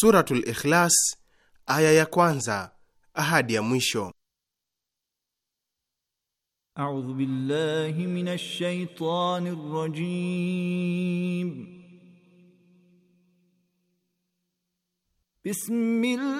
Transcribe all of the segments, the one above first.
Suratul Ikhlas aya ya kwanza ahadi ya mwisho. A'udhu billahi minash shaitani rajim. Bismillah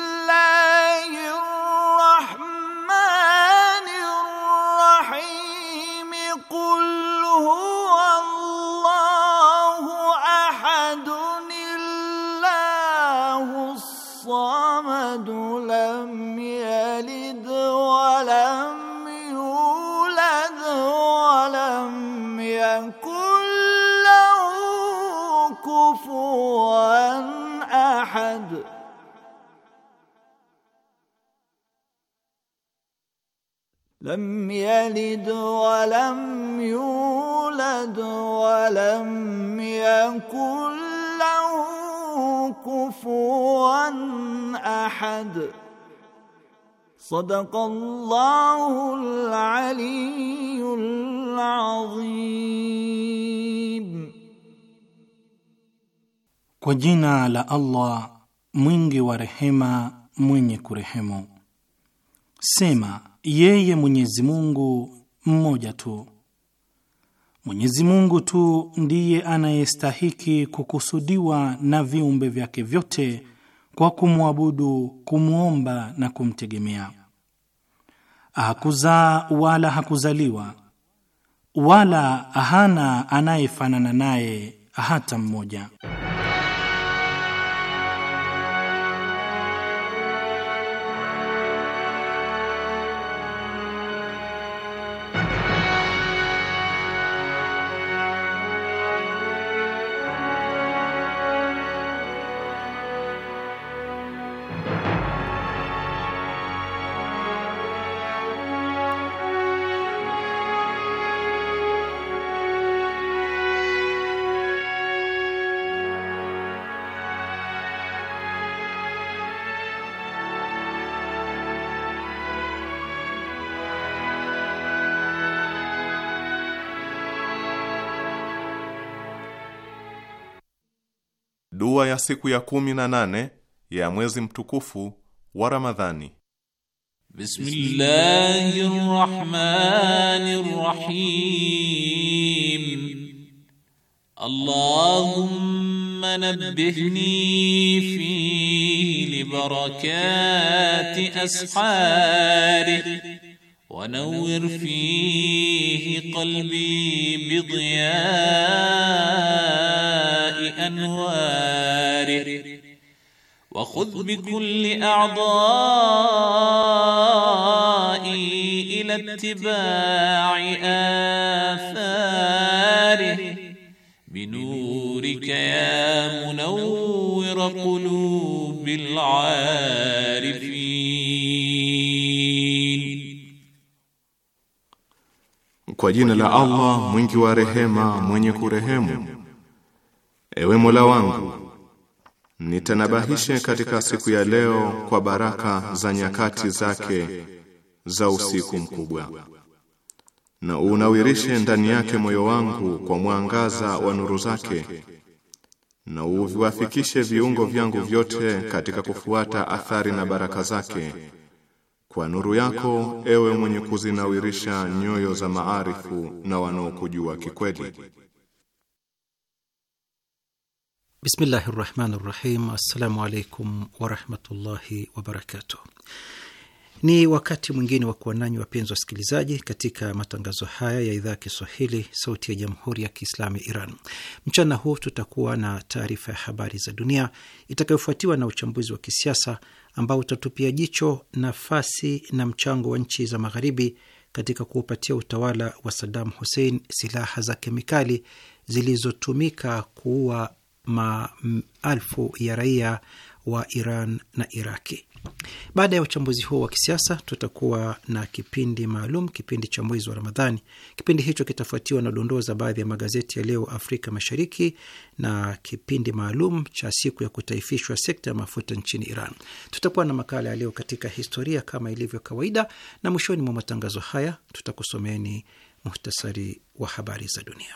الله لم يلد ولم يولد ولم يكن له كفوا احد صدق الله العلي العظيم وجينا على الله مينغي ورحمه مينيك رحمة سيما yeye Mwenyezi Mungu mmoja tu. Mwenyezi Mungu tu ndiye anayestahiki kukusudiwa na viumbe vyake vyote kwa kumwabudu, kumwomba na kumtegemea. Hakuzaa wala hakuzaliwa wala hana anayefanana naye hata mmoja. dua ya siku ya kumi na nane ya mwezi mtukufu wa Ramadhani. Bismillahirrahmanirrahim. Allahumma nabbihni fihi barakati ashari wa ونور فيه قلبي بضياء anwar وخذ بكل أعضاء إلى اتباع آثاره بنورك يا منور قلوب العارفين Kwa jina la Allah mwingi wa rehema mwenye kurehemu, ewe Mola wangu Nitanabahishe katika siku ya leo kwa baraka za nyakati zake za usiku mkubwa, na unawirishe ndani yake moyo wangu kwa mwangaza wa nuru zake, na uviwafikishe viungo vyangu vyote katika kufuata athari na baraka zake kwa nuru yako, ewe mwenye kuzinawirisha nyoyo za maarifu na wanaokujua kikweli. Bismillahi rahmani rahim. Assalamu alaikum warahmatullahi wabarakatuh. Ni wakati mwingine wa kuwa nanyi wapenzi wasikilizaji, katika matangazo haya ya idhaa ya Kiswahili, Sauti ya Jamhuri ya Kiislamu ya Iran. Mchana huu tutakuwa na taarifa ya habari za dunia itakayofuatiwa na uchambuzi wa kisiasa ambao utatupia jicho nafasi na mchango wa nchi za Magharibi katika kuupatia utawala wa Saddam Hussein silaha za kemikali zilizotumika kuua maelfu ya raia wa Iran na Iraki. Baada ya uchambuzi huo wa kisiasa, tutakuwa na kipindi maalum, kipindi cha mwezi wa Ramadhani. Kipindi hicho kitafuatiwa na dondoo za baadhi ya magazeti ya leo Afrika Mashariki na kipindi maalum cha siku ya kutaifishwa sekta ya mafuta nchini Iran. Tutakuwa na makala ya leo katika historia kama ilivyo kawaida, na mwishoni mwa matangazo haya tutakusomeeni muhtasari wa habari za dunia.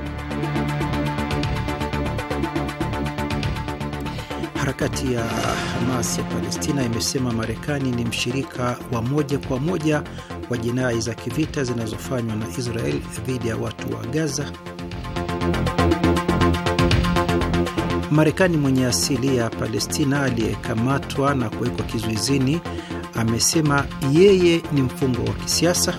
harakati ya Hamas ya Palestina imesema Marekani ni mshirika wa moja kwa moja wa jinai za kivita zinazofanywa na Israel dhidi ya watu wa Gaza. Marekani mwenye asili ya Palestina aliyekamatwa na kuwekwa kizuizini amesema yeye ni mfungwa wa kisiasa.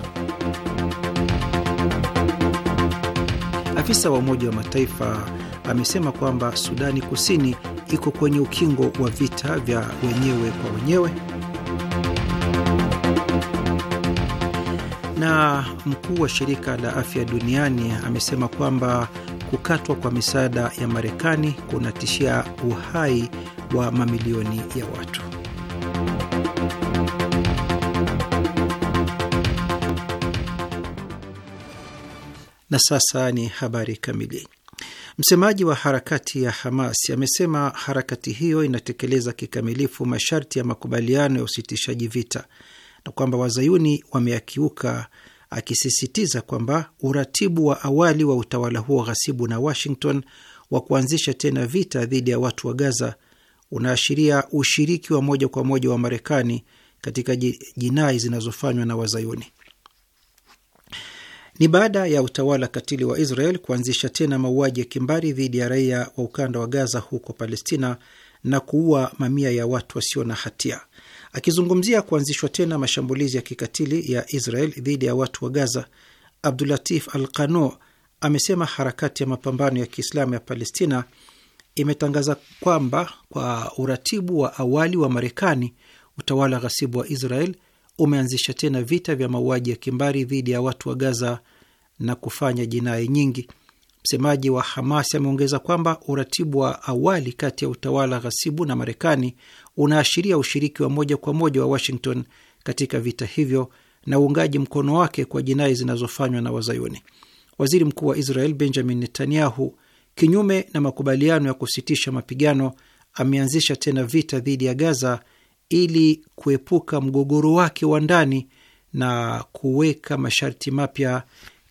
Afisa wa Umoja wa Mataifa amesema kwamba Sudani Kusini iko kwenye ukingo wa vita vya wenyewe kwa wenyewe, na mkuu wa shirika la afya duniani amesema kwamba kukatwa kwa misaada ya Marekani kunatishia uhai wa mamilioni ya watu. Na sasa ni habari kamili. Msemaji wa harakati ya Hamas amesema harakati hiyo inatekeleza kikamilifu masharti ya makubaliano ya usitishaji vita na kwamba wazayuni wameyakiuka, akisisitiza kwamba uratibu wa awali wa utawala huo ghasibu na Washington wa kuanzisha tena vita dhidi ya watu wa Gaza unaashiria ushiriki wa moja kwa moja wa Marekani katika jinai zinazofanywa na wazayuni. Ni baada ya utawala katili wa Israel kuanzisha tena mauaji ya kimbari dhidi ya raia wa ukanda wa Gaza huko Palestina na kuua mamia ya watu wasio na hatia. Akizungumzia kuanzishwa tena mashambulizi ya kikatili ya Israel dhidi ya watu wa Gaza, Abdulatif Al Qano amesema harakati ya mapambano ya Kiislamu ya Palestina imetangaza kwamba kwa uratibu wa awali wa Marekani, utawala ghasibu wa Israel umeanzisha tena vita vya mauaji ya kimbari dhidi ya watu wa Gaza na kufanya jinai nyingi. Msemaji wa Hamas ameongeza kwamba uratibu wa awali kati ya utawala ghasibu na Marekani unaashiria ushiriki wa moja kwa moja wa Washington katika vita hivyo na uungaji mkono wake kwa jinai zinazofanywa na Wazayuni. Waziri Mkuu wa Israel Benjamin Netanyahu, kinyume na makubaliano ya kusitisha mapigano, ameanzisha tena vita dhidi ya Gaza ili kuepuka mgogoro wake wa ndani na kuweka masharti mapya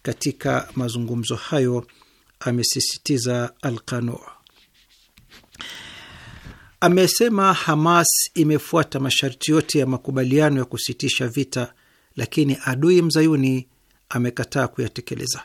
katika mazungumzo hayo, amesisitiza Alqanu. Amesema Hamas imefuata masharti yote ya makubaliano ya kusitisha vita, lakini adui mzayuni amekataa kuyatekeleza.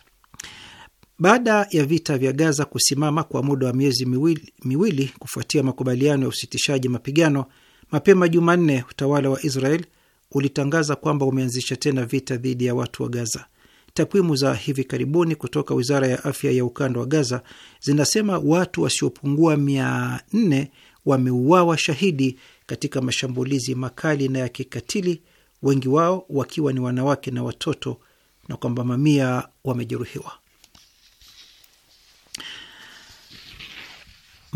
Baada ya vita vya Gaza kusimama kwa muda wa miezi miwili, miwili kufuatia makubaliano ya usitishaji mapigano Mapema Jumanne, utawala wa Israel ulitangaza kwamba umeanzisha tena vita dhidi ya watu wa Gaza. Takwimu za hivi karibuni kutoka wizara ya afya ya ukanda wa Gaza zinasema watu wasiopungua mia nne wameuawa shahidi katika mashambulizi makali na ya kikatili, wengi wao wakiwa ni wanawake na watoto, na kwamba mamia wamejeruhiwa.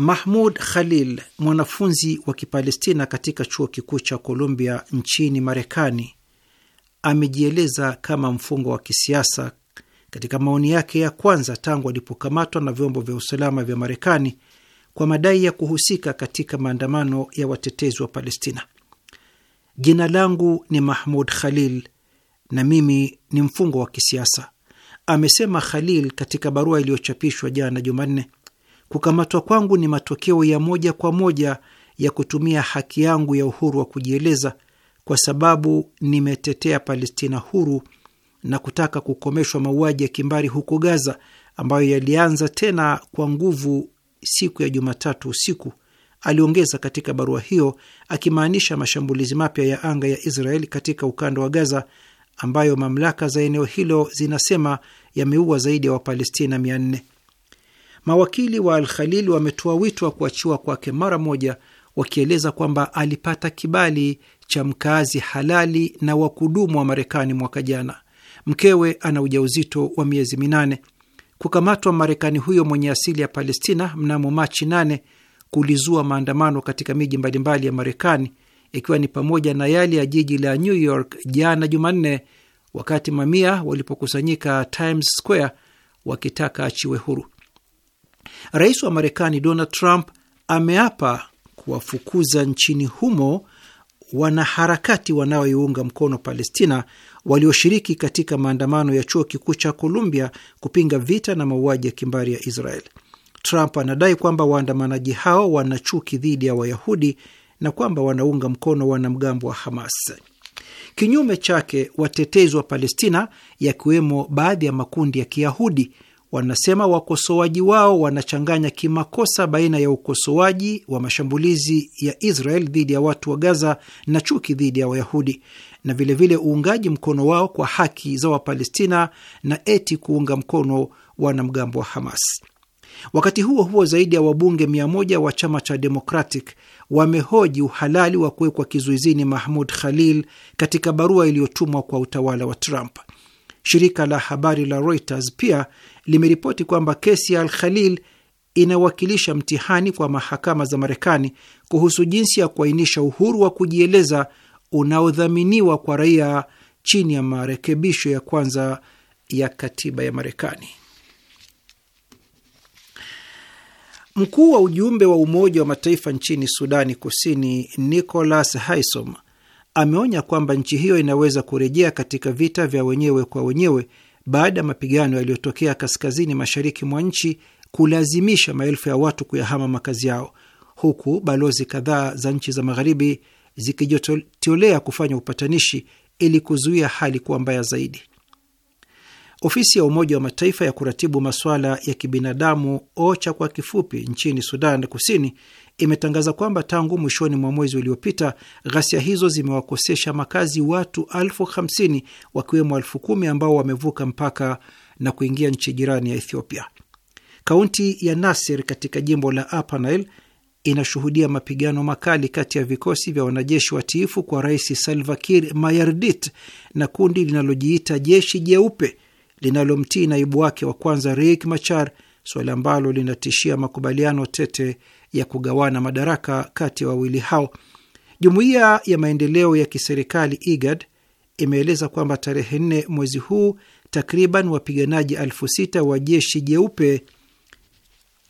Mahmud Khalil, mwanafunzi wa Kipalestina katika chuo kikuu cha Columbia nchini Marekani, amejieleza kama mfungwa wa kisiasa katika maoni yake ya kwanza tangu alipokamatwa na vyombo vya usalama vya Marekani kwa madai ya kuhusika katika maandamano ya watetezi wa Palestina. Jina langu ni Mahmud Khalil na mimi ni mfungwa wa kisiasa, amesema Khalil katika barua iliyochapishwa jana Jumanne. Kukamatwa kwangu ni matokeo ya moja kwa moja ya kutumia haki yangu ya uhuru wa kujieleza, kwa sababu nimetetea Palestina huru na kutaka kukomeshwa mauaji ya kimbari huko Gaza ambayo yalianza tena kwa nguvu siku ya Jumatatu usiku, aliongeza katika barua hiyo, akimaanisha mashambulizi mapya ya anga ya Israeli katika ukanda wa Gaza ambayo mamlaka za eneo hilo zinasema yameua zaidi ya Wapalestina nne. Mawakili wa Al-Khalil wametoa wito wa kuachiwa kwake mara moja, wakieleza kwamba alipata kibali cha mkaazi halali na wa kudumu wa Marekani mwaka jana. Mkewe ana ujauzito wa miezi minane. Kukamatwa Marekani huyo mwenye asili ya Palestina mnamo Machi 8 kulizua maandamano katika miji mbalimbali ya Marekani, ikiwa ni pamoja na yale ya jiji la New York jana Jumanne, wakati mamia walipokusanyika Times Square wakitaka achiwe huru. Rais wa Marekani Donald Trump ameapa kuwafukuza nchini humo wanaharakati wanaoiunga mkono Palestina walioshiriki katika maandamano ya chuo kikuu cha Columbia kupinga vita na mauaji ya kimbari ya Israel. Trump anadai kwamba waandamanaji hao wana chuki dhidi ya Wayahudi na kwamba wanaunga mkono wanamgambo wa Hamas. Kinyume chake, watetezi wa Palestina, yakiwemo baadhi ya makundi ya Kiyahudi, wanasema wakosoaji wao wanachanganya kimakosa baina ya ukosoaji wa mashambulizi ya Israel dhidi ya watu wa Gaza na chuki dhidi ya Wayahudi na vilevile vile uungaji mkono wao kwa haki za Wapalestina na eti kuunga mkono wanamgambo wa Hamas. Wakati huo huo, zaidi ya wabunge mia moja wa chama cha Democratic wamehoji uhalali wa kuwekwa kizuizini Mahmud Khalil katika barua iliyotumwa kwa utawala wa Trump. Shirika la habari la Reuters pia limeripoti kwamba kesi ya Al Khalil inawakilisha mtihani kwa mahakama za Marekani kuhusu jinsi ya kuainisha uhuru wa kujieleza unaodhaminiwa kwa raia chini ya marekebisho ya kwanza ya katiba ya Marekani. Mkuu wa ujumbe wa Umoja wa Mataifa nchini Sudani Kusini, Nicholas Haysom, ameonya kwamba nchi hiyo inaweza kurejea katika vita vya wenyewe kwa wenyewe baada ya mapigano yaliyotokea kaskazini mashariki mwa nchi kulazimisha maelfu ya watu kuyahama makazi yao, huku balozi kadhaa za nchi za magharibi zikijitolea kufanya upatanishi ili kuzuia hali kuwa mbaya zaidi. Ofisi ya Umoja wa Mataifa ya kuratibu masuala ya kibinadamu, OCHA kwa kifupi, nchini Sudan Kusini imetangaza kwamba tangu mwishoni mwa mwezi uliopita ghasia hizo zimewakosesha makazi watu elfu hamsini wakiwemo elfu kumi ambao wamevuka mpaka na kuingia nchi jirani ya Ethiopia. Kaunti ya Nasir katika jimbo la Upper Nile inashuhudia mapigano makali kati ya vikosi vya wanajeshi watiifu kwa Rais Salva Kiir Mayardit na kundi linalojiita jeshi jeupe linalomtii naibu wake wa kwanza Riek Machar, suala ambalo linatishia makubaliano tete ya kugawana madaraka kati ya wa wawili hao. Jumuiya ya maendeleo ya kiserikali IGAD imeeleza kwamba tarehe nne mwezi huu takriban wapiganaji elfu sita wa jeshi jeupe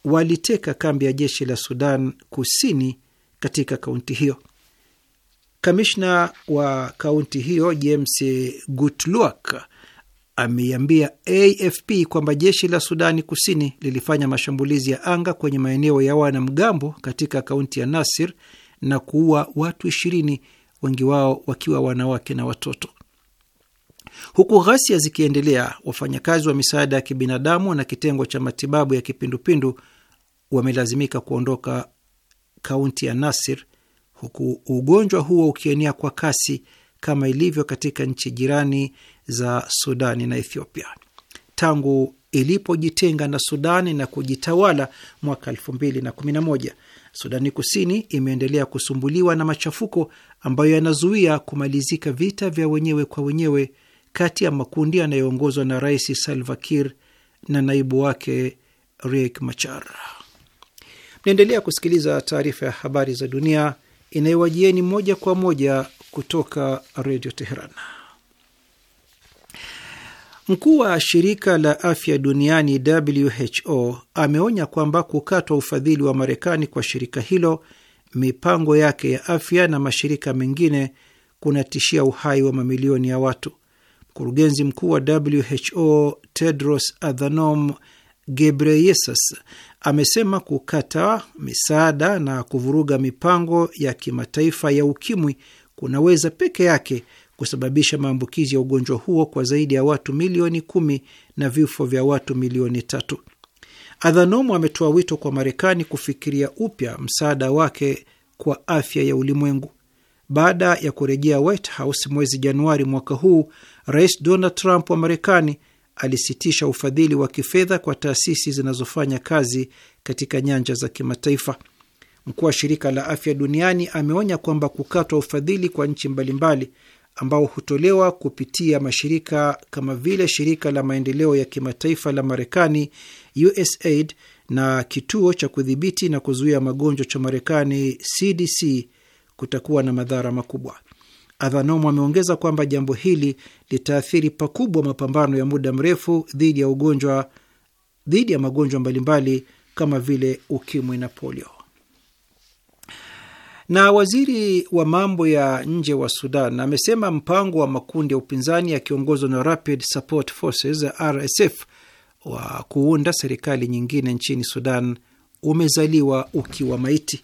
waliteka kambi ya jeshi la Sudan Kusini katika kaunti hiyo. Kamishna wa kaunti hiyo James Gutluak ameiambia AFP kwamba jeshi la Sudani Kusini lilifanya mashambulizi ya anga kwenye maeneo ya wanamgambo katika kaunti ya Nasir na kuua watu ishirini, wengi wao wakiwa wanawake na watoto. Huku ghasia zikiendelea, wafanyakazi wa misaada ya kibinadamu na kitengo cha matibabu ya kipindupindu wamelazimika kuondoka kaunti ya Nasir, huku ugonjwa huo ukienea kwa kasi kama ilivyo katika nchi jirani za Sudani na Ethiopia. Tangu ilipojitenga na Sudani na kujitawala mwaka 2011, Sudani Kusini imeendelea kusumbuliwa na machafuko ambayo yanazuia kumalizika vita vya wenyewe kwa wenyewe kati ya makundi yanayoongozwa na Rais Salva Kiir na naibu wake Riek Machar. Mnaendelea kusikiliza taarifa ya habari za dunia inayowajieni moja kwa moja kutoka Redio Teheran. Mkuu wa shirika la afya duniani WHO ameonya kwamba kukatwa ufadhili wa Marekani kwa shirika hilo, mipango yake ya afya na mashirika mengine kunatishia uhai wa mamilioni ya watu. Mkurugenzi mkuu wa WHO Tedros Adhanom Ghebreyesus amesema kukata misaada na kuvuruga mipango ya kimataifa ya ukimwi kunaweza peke yake kusababisha maambukizi ya ugonjwa huo kwa zaidi ya watu milioni kumi na vifo vya watu milioni tatu. Adhanom ametoa wito kwa Marekani kufikiria upya msaada wake kwa afya ya ulimwengu. Baada ya kurejea White House mwezi Januari mwaka huu, Rais Donald Trump wa Marekani alisitisha ufadhili wa kifedha kwa taasisi zinazofanya kazi katika nyanja za kimataifa. Mkuu wa shirika la afya duniani ameonya kwamba kukatwa ufadhili kwa nchi mbalimbali ambao hutolewa kupitia mashirika kama vile shirika la maendeleo ya kimataifa la Marekani USAID na kituo cha kudhibiti na kuzuia magonjwa cha Marekani CDC kutakuwa na madhara makubwa. Adhanom ameongeza kwamba jambo hili litaathiri pakubwa mapambano ya muda mrefu dhidi ya ugonjwa dhidi ya magonjwa mbalimbali kama vile ukimwi na polio. Na waziri wa mambo ya nje wa Sudan amesema mpango wa makundi ya upinzani yakiongozwa na Rapid Support Forces RSF wa kuunda serikali nyingine nchini Sudan umezaliwa ukiwa maiti.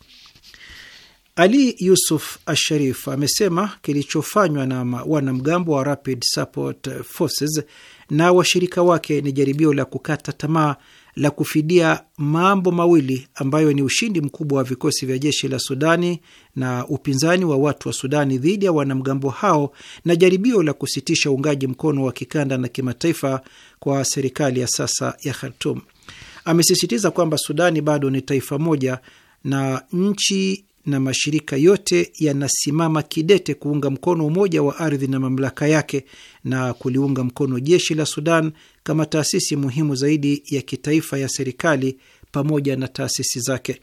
Ali Yusuf Asharif amesema kilichofanywa na wanamgambo wa Rapid Support Forces na washirika wake ni jaribio la kukata tamaa la kufidia mambo mawili ambayo ni ushindi mkubwa wa vikosi vya jeshi la Sudani na upinzani wa watu wa Sudani dhidi ya wanamgambo hao na jaribio la kusitisha uungaji mkono wa kikanda na kimataifa kwa serikali ya sasa ya Khartum. Amesisitiza kwamba Sudani bado ni taifa moja na nchi na mashirika yote yanasimama kidete kuunga mkono umoja wa ardhi na mamlaka yake na kuliunga mkono jeshi la Sudan kama taasisi muhimu zaidi ya kitaifa ya serikali pamoja na taasisi zake.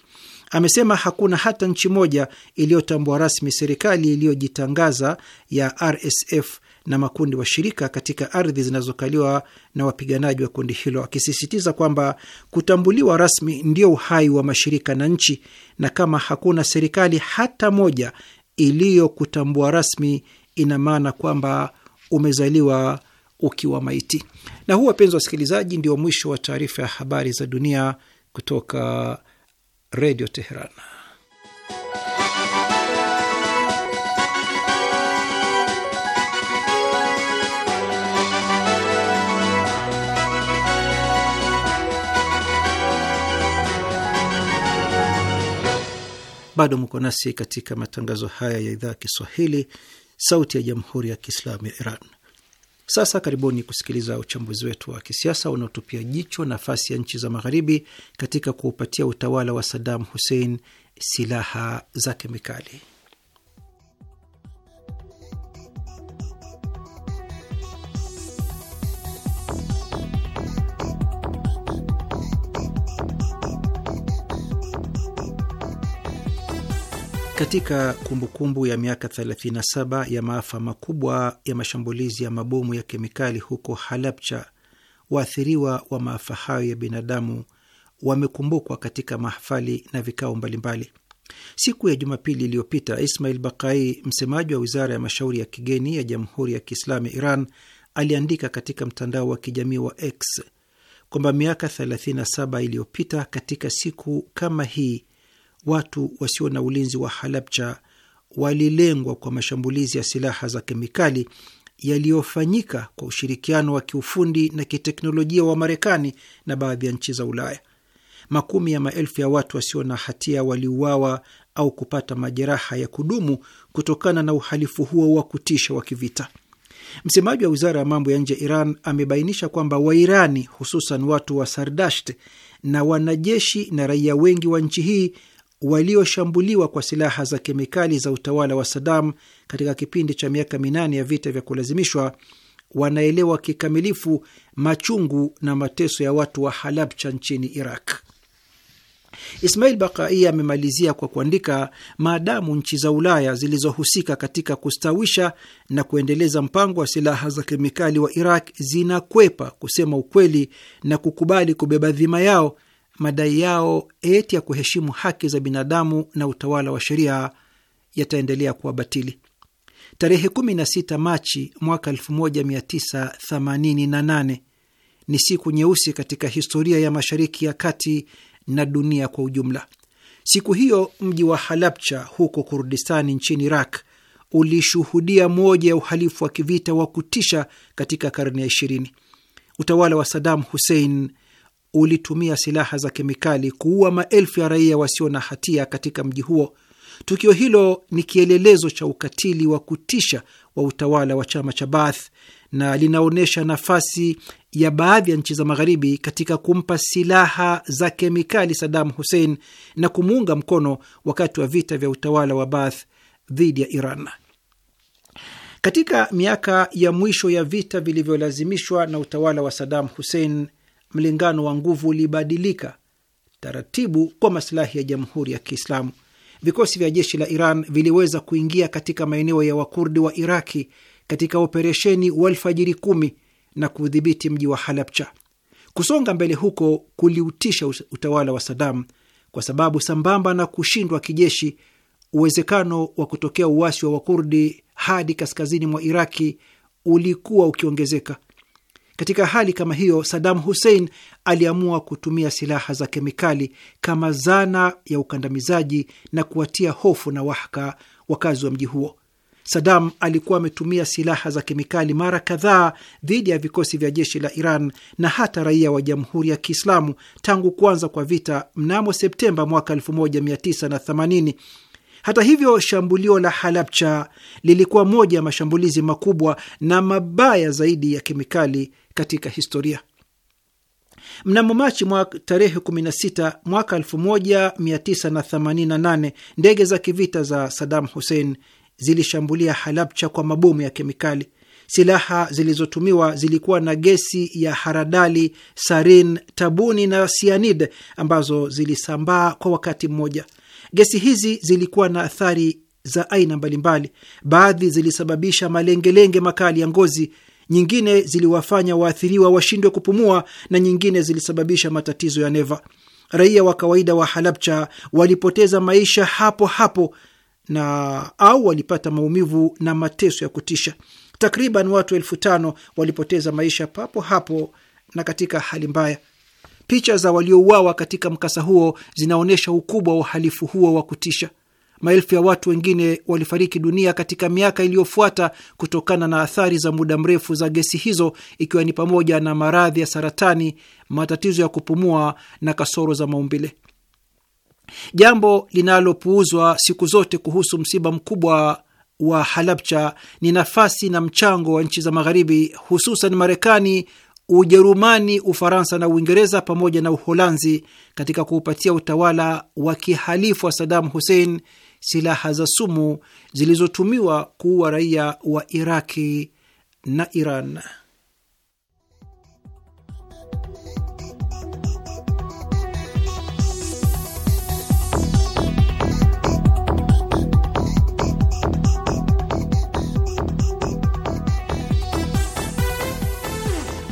Amesema hakuna hata nchi moja iliyotambua rasmi serikali iliyojitangaza ya RSF na makundi washirika katika ardhi zinazokaliwa na wapiganaji wa kundi hilo, akisisitiza kwamba kutambuliwa rasmi ndio uhai wa mashirika na nchi, na kama hakuna serikali hata moja iliyokutambua rasmi, ina maana kwamba umezaliwa ukiwa maiti. Na huu, wapenzi wa wasikilizaji, ndio mwisho wa taarifa ya habari za dunia kutoka Redio Teheran. Bado mko nasi katika matangazo haya ya idhaa ya Kiswahili, Sauti ya Jamhuri ya Kiislamu ya Iran. Sasa karibuni kusikiliza uchambuzi wetu wa kisiasa unaotupia jicho nafasi ya nchi za Magharibi katika kuupatia utawala wa Saddam Hussein silaha za kemikali. Katika kumbukumbu kumbu ya miaka 37 ya maafa makubwa ya mashambulizi ya mabomu ya kemikali huko Halabcha, waathiriwa wa maafa hayo ya binadamu wamekumbukwa katika mahafali na vikao mbalimbali. Siku ya Jumapili iliyopita, Ismail Bakai, msemaji wa wizara ya mashauri ya kigeni ya Jamhuri ya Kiislamu Iran, aliandika katika mtandao wa kijamii wa X kwamba miaka 37 iliyopita katika siku kama hii watu wasio na ulinzi wa Halabja walilengwa kwa mashambulizi ya silaha za kemikali yaliyofanyika kwa ushirikiano wa kiufundi na kiteknolojia wa Marekani na baadhi ya nchi za Ulaya. Makumi ya maelfu ya watu wasio na hatia waliuawa au kupata majeraha ya kudumu kutokana na uhalifu huo wa kutisha wa kivita. Msemaji wa wizara ya mambo ya nje Iran amebainisha kwamba Wairani hususan watu wa Sardasht na wanajeshi na raia wengi wa nchi hii walioshambuliwa kwa silaha za kemikali za utawala wa sadam katika kipindi cha miaka minane ya vita vya kulazimishwa wanaelewa kikamilifu machungu na mateso ya watu wa Halabcha nchini Iraq. Ismail Bakai amemalizia kwa kuandika, maadamu nchi za Ulaya zilizohusika katika kustawisha na kuendeleza mpango wa silaha za kemikali wa Iraq zinakwepa kusema ukweli na kukubali kubeba dhima yao madai yao eti ya kuheshimu haki za binadamu na utawala wa sheria yataendelea kuwa batili. Tarehe 16 Machi mwaka 1988 ni siku nyeusi katika historia ya Mashariki ya Kati na dunia kwa ujumla. Siku hiyo mji wa Halabcha huko Kurdistani nchini Iraq ulishuhudia moja ya uhalifu wa kivita wa kutisha katika karne ya 20. Utawala wa Saddam Hussein ulitumia silaha za kemikali kuua maelfu ya raia wasio na hatia katika mji huo. Tukio hilo ni kielelezo cha ukatili wa kutisha wa utawala wa chama cha Baath na linaonyesha nafasi ya baadhi ya nchi za Magharibi katika kumpa silaha za kemikali sadamu Hussein na kumuunga mkono wakati wa vita vya utawala wa Baath dhidi ya Iran. Katika miaka ya mwisho ya vita vilivyolazimishwa na utawala wa sadamu Hussein mlingano wa nguvu ulibadilika taratibu kwa masilahi ya jamhuri ya Kiislamu. Vikosi vya jeshi la Iran viliweza kuingia katika maeneo ya Wakurdi wa Iraki katika operesheni Walfajiri kumi na kuudhibiti mji wa Halabcha. Kusonga mbele huko kuliutisha utawala wa Sadam kwa sababu sambamba na kushindwa kijeshi, uwezekano wa kutokea uasi wa Wakurdi hadi kaskazini mwa Iraki ulikuwa ukiongezeka katika hali kama hiyo, Saddam Hussein aliamua kutumia silaha za kemikali kama zana ya ukandamizaji na kuwatia hofu na wahaka wakazi wa mji huo. Saddam alikuwa ametumia silaha za kemikali mara kadhaa dhidi ya vikosi vya jeshi la Iran na hata raia wa Jamhuri ya Kiislamu tangu kuanza kwa vita mnamo Septemba mwaka 1980 hata hivyo, shambulio la Halabcha lilikuwa moja ya mashambulizi makubwa na mabaya zaidi ya kemikali katika historia. Mnamo Machi tarehe 16 mwaka 1988 ndege za kivita za Saddam Hussein zilishambulia Halabcha kwa mabomu ya kemikali. Silaha zilizotumiwa zilikuwa na gesi ya haradali, sarin, tabuni na sianid ambazo zilisambaa kwa wakati mmoja. Gesi hizi zilikuwa na athari za aina mbalimbali. Baadhi zilisababisha malengelenge makali ya ngozi, nyingine ziliwafanya waathiriwa washindwe kupumua, na nyingine zilisababisha matatizo ya neva. Raia wa kawaida wa Halabcha walipoteza maisha hapo hapo na au walipata maumivu na mateso ya kutisha. Takriban watu elfu tano walipoteza maisha papo hapo na katika hali mbaya. Picha za waliouawa katika mkasa huo zinaonyesha ukubwa wa uhalifu huo wa kutisha. Maelfu ya watu wengine walifariki dunia katika miaka iliyofuata kutokana na athari za muda mrefu za gesi hizo, ikiwa ni pamoja na maradhi ya saratani, matatizo ya kupumua na kasoro za maumbile, jambo linalopuuzwa siku zote kuhusu msiba mkubwa wa Halabcha ni nafasi na mchango wa nchi za Magharibi, hususan Marekani, Ujerumani, Ufaransa na Uingereza pamoja na Uholanzi katika kuupatia utawala wa kihalifu wa Saddam Hussein silaha za sumu zilizotumiwa kuua raia wa Iraki na Iran.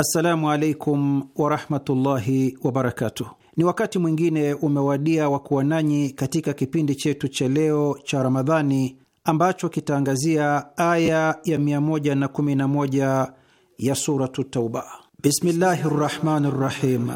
Assalamu alaikum warahmatullahi wabarakatuh. Ni wakati mwingine umewadia wa kuwa nanyi katika kipindi chetu cha leo cha Ramadhani ambacho kitaangazia aya ya 111 ya Suratu Tauba. Bismillahi rrahmani rrahim,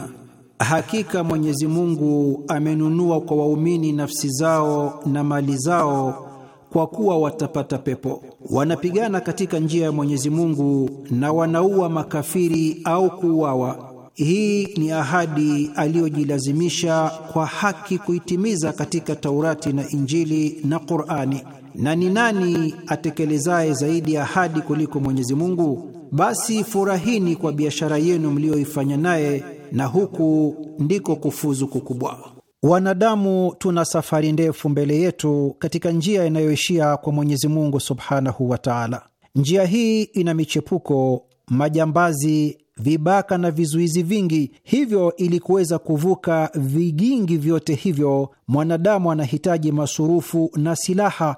hakika Mwenyezi Mungu amenunua kwa waumini nafsi zao na mali zao kwa kuwa watapata pepo. Wanapigana katika njia ya Mwenyezi Mungu na wanaua makafiri au kuuawa. Hii ni ahadi aliyojilazimisha kwa haki kuitimiza katika Taurati na Injili na Qur'ani. Na ni nani atekelezaye zaidi ahadi kuliko Mwenyezi Mungu? Basi furahini kwa biashara yenu mliyoifanya naye, na huku ndiko kufuzu kukubwa. Wanadamu tuna safari ndefu mbele yetu katika njia inayoishia kwa Mwenyezi Mungu subhanahu wa taala. Njia hii ina michepuko, majambazi, vibaka na vizuizi vingi. Hivyo, ili kuweza kuvuka vigingi vyote hivyo, mwanadamu anahitaji masurufu na silaha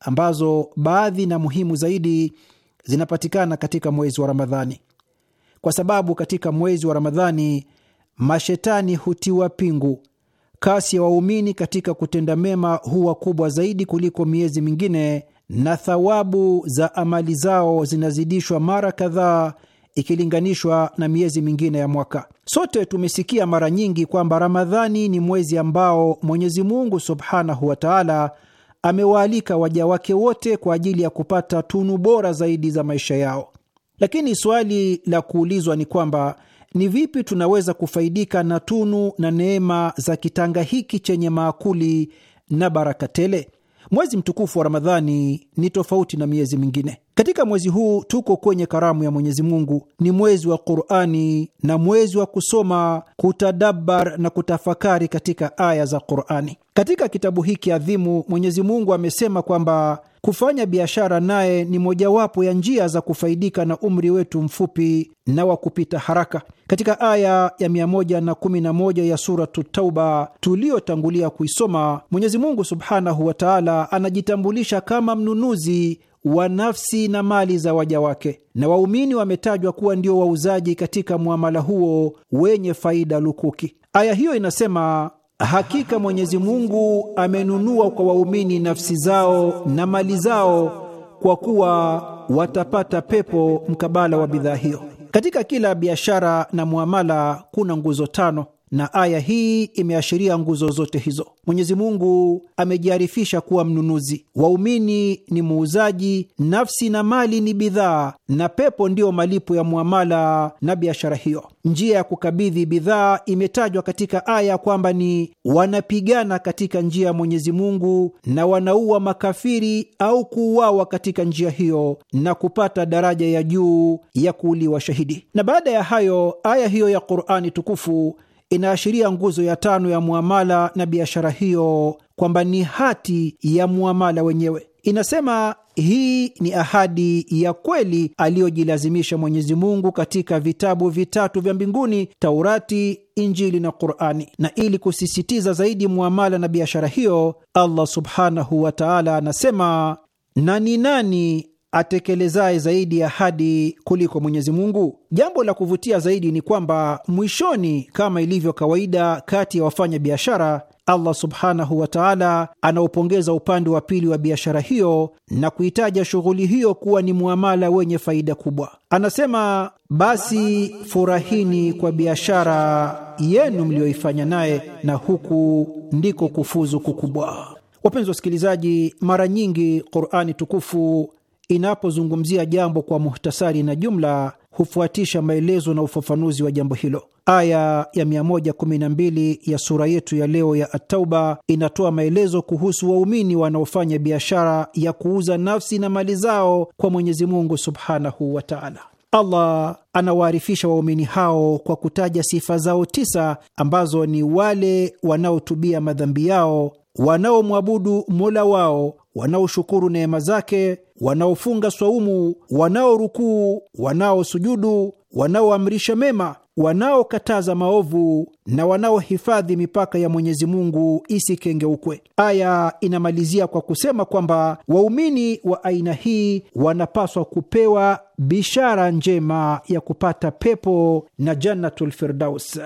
ambazo baadhi na muhimu zaidi zinapatikana katika mwezi wa Ramadhani, kwa sababu katika mwezi wa Ramadhani mashetani hutiwa pingu kasi ya waumini katika kutenda mema huwa kubwa zaidi kuliko miezi mingine, na thawabu za amali zao zinazidishwa mara kadhaa ikilinganishwa na miezi mingine ya mwaka. Sote tumesikia mara nyingi kwamba Ramadhani ni mwezi ambao Mwenyezi Mungu subhanahu wa taala amewaalika waja wake wote kwa ajili ya kupata tunu bora zaidi za maisha yao, lakini swali la kuulizwa ni kwamba ni vipi tunaweza kufaidika na tunu na neema za kitanga hiki chenye maakuli na baraka tele. Mwezi mtukufu wa Ramadhani ni tofauti na miezi mingine. Katika mwezi huu tuko kwenye karamu ya Mwenyezi Mungu, ni mwezi wa Qurani na mwezi wa kusoma, kutadabar na kutafakari katika aya za Qurani. Katika kitabu hiki adhimu Mwenyezi Mungu amesema kwamba kufanya biashara naye ni mojawapo ya njia za kufaidika na umri wetu mfupi na wa kupita haraka. Katika aya ya 111 ya Suratu Tauba tuliyotangulia kuisoma, Mwenyezi Mungu subhanahu wa taala anajitambulisha kama mnunuzi wa nafsi na mali za waja wake, na waumini wametajwa kuwa ndio wauzaji katika mwamala huo wenye faida lukuki. Aya hiyo inasema Hakika Mwenyezi Mungu amenunua kwa waumini nafsi zao na mali zao kwa kuwa watapata pepo mkabala wa bidhaa hiyo. Katika kila biashara na muamala kuna nguzo tano na aya hii imeashiria nguzo zote hizo. Mwenyezi Mungu amejiarifisha kuwa mnunuzi, waumini ni muuzaji, nafsi na mali ni bidhaa, na pepo ndiyo malipo ya muamala na biashara hiyo. Njia ya kukabidhi bidhaa imetajwa katika aya kwamba ni wanapigana katika njia ya Mwenyezi Mungu na wanaua makafiri au kuuawa katika njia hiyo na kupata daraja ya juu ya kuuliwa shahidi. Na baada ya hayo aya hiyo ya Qur'ani tukufu inaashiria nguzo ya tano ya muamala na biashara hiyo kwamba ni hati ya muamala wenyewe. Inasema hii ni ahadi ya kweli aliyojilazimisha Mwenyezi Mungu katika vitabu vitatu vya mbinguni, Taurati, Injili na Qurani. Na ili kusisitiza zaidi muamala na biashara hiyo, Allah subhanahu wa taala anasema, na ni nani atekelezaye zaidi ahadi kuliko Mwenyezi Mungu. Jambo la kuvutia zaidi ni kwamba mwishoni, kama ilivyo kawaida kati ya wafanya biashara, Allah subhanahu wa taala anaupongeza upande wa pili wa biashara hiyo na kuitaja shughuli hiyo kuwa ni muamala wenye faida kubwa. Anasema, basi furahini kwa biashara yenu mliyoifanya naye, na huku ndiko kufuzu kukubwa. Wapenzi wasikilizaji, mara nyingi Qur'ani tukufu inapozungumzia jambo kwa muhtasari na jumla hufuatisha maelezo na ufafanuzi wa jambo hilo. Aya ya 112 ya sura yetu ya leo ya Atauba inatoa maelezo kuhusu waumini wanaofanya biashara ya kuuza nafsi na mali zao kwa Mwenyezi Mungu subhanahu wa taala. Allah anawaarifisha waumini hao kwa kutaja sifa zao tisa ambazo ni wale wanaotubia madhambi yao, wanaomwabudu mola wao wanaoshukuru neema zake, wanaofunga swaumu, wanaorukuu, wanaosujudu, wanaoamrisha mema, wanaokataza maovu na wanaohifadhi mipaka ya Mwenyezi Mungu isikengeukwe. Aya inamalizia kwa kusema kwamba waumini wa aina hii wanapaswa kupewa bishara njema ya kupata pepo na Jannatul Firdaus.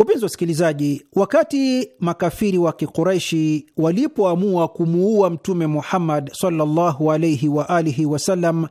Wapenzi wasikilizaji, wakati makafiri wa Kikuraishi walipoamua kumuua Mtume Muhammad sallallahu alaihi wa alihi wasallam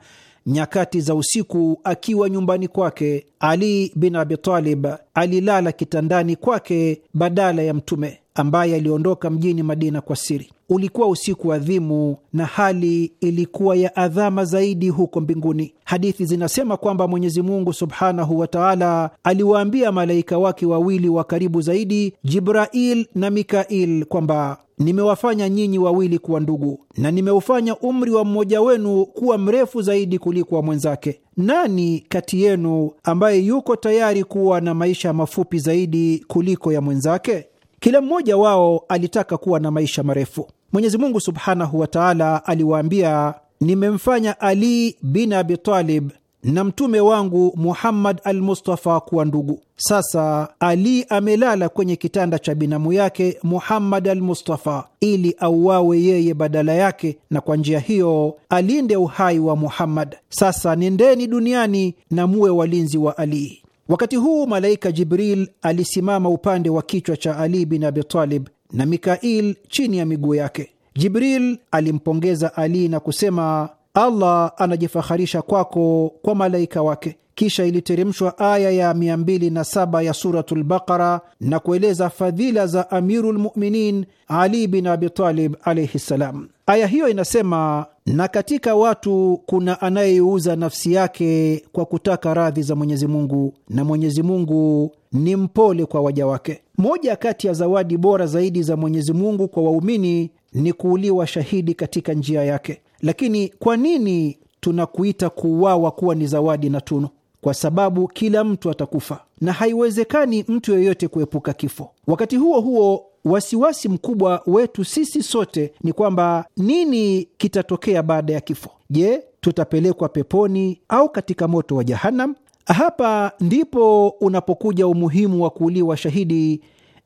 nyakati za usiku akiwa nyumbani kwake, Ali bin Abitalib alilala kitandani kwake badala ya Mtume ambaye aliondoka mjini Madina kwa siri ulikuwa usiku adhimu na hali ilikuwa ya adhama zaidi huko mbinguni. Hadithi zinasema kwamba Mwenyezi Mungu subhanahu wa taala aliwaambia malaika wake wawili wa karibu zaidi, Jibrail na Mikail, kwamba nimewafanya nyinyi wawili kuwa ndugu na nimeufanya umri wa mmoja wenu kuwa mrefu zaidi kuliko wa mwenzake. Nani kati yenu ambaye yuko tayari kuwa na maisha mafupi zaidi kuliko ya mwenzake? Kila mmoja wao alitaka kuwa na maisha marefu. Mwenyezi Mungu subhanahu wa taala aliwaambia, nimemfanya Ali bin Abi Talib na mtume wangu Muhammad al Mustafa kuwa ndugu. Sasa Ali amelala kwenye kitanda cha binamu yake Muhammad al Mustafa ili auawe yeye badala yake, na kwa njia hiyo alinde uhai wa Muhammad. Sasa nendeni duniani na muwe walinzi wa Ali. Wakati huu malaika Jibril alisimama upande wa kichwa cha Ali bin Abi Talib na Mikail chini ya miguu yake. Jibril alimpongeza Ali na kusema, Allah anajifaharisha kwako kwa malaika wake. Kisha iliteremshwa aya ya 207 ya Suratul Baqara na kueleza fadhila za Amirul Muminin Ali bin Abi Talib alaihi ssalam. Aya hiyo inasema na katika watu kuna anayeiuza nafsi yake kwa kutaka radhi za Mwenyezi Mungu, na Mwenyezi Mungu ni mpole kwa waja wake. Moja kati ya zawadi bora zaidi za Mwenyezi Mungu kwa waumini ni kuuliwa shahidi katika njia yake. Lakini kwa nini tunakuita kuuawa kuwa ni zawadi na tunu? Kwa sababu kila mtu atakufa na haiwezekani mtu yeyote kuepuka kifo. Wakati huo huo wasiwasi mkubwa wetu sisi sote ni kwamba nini kitatokea baada ya kifo? Je, tutapelekwa peponi au katika moto wa Jahanam? Hapa ndipo unapokuja umuhimu wa kuuliwa shahidi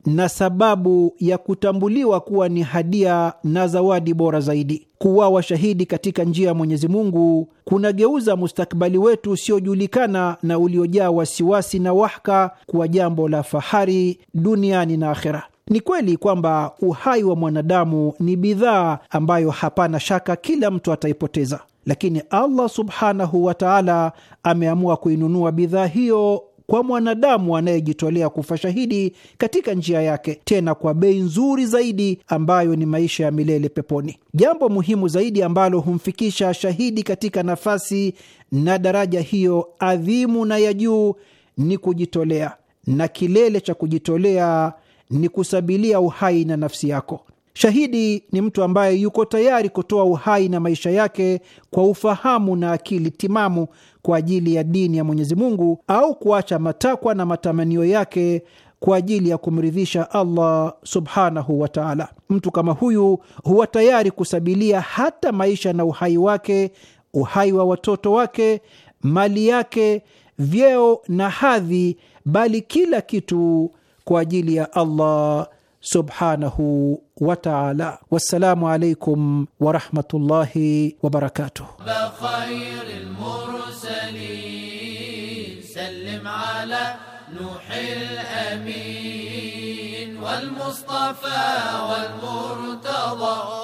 na sababu ya kutambuliwa kuwa ni hadia na zawadi bora zaidi. Kuwawa shahidi katika njia ya Mwenyezi Mungu kunageuza mustakbali wetu usiojulikana na uliojaa wasiwasi na wahaka kuwa jambo la fahari duniani na akhera. Ni kweli kwamba uhai wa mwanadamu ni bidhaa ambayo hapana shaka kila mtu ataipoteza, lakini Allah subhanahu wa taala ameamua kuinunua bidhaa hiyo kwa mwanadamu anayejitolea kufa shahidi katika njia yake, tena kwa bei nzuri zaidi, ambayo ni maisha ya milele peponi. Jambo muhimu zaidi ambalo humfikisha shahidi katika nafasi na daraja hiyo adhimu na ya juu ni kujitolea, na kilele cha kujitolea ni kusabilia uhai na nafsi yako. Shahidi ni mtu ambaye yuko tayari kutoa uhai na maisha yake kwa ufahamu na akili timamu kwa ajili ya dini ya Mwenyezi Mungu au kuacha matakwa na matamanio yake kwa ajili ya kumridhisha Allah subhanahu wa taala. Mtu kama huyu huwa tayari kusabilia hata maisha na uhai wake, uhai wa watoto wake, mali yake, vyeo na hadhi, bali kila kitu kwa ajili ya Allah subhanahu wa taala. Wassalamu alaikum warahmatullahi wabarakatuh. المصطفى والمرتضى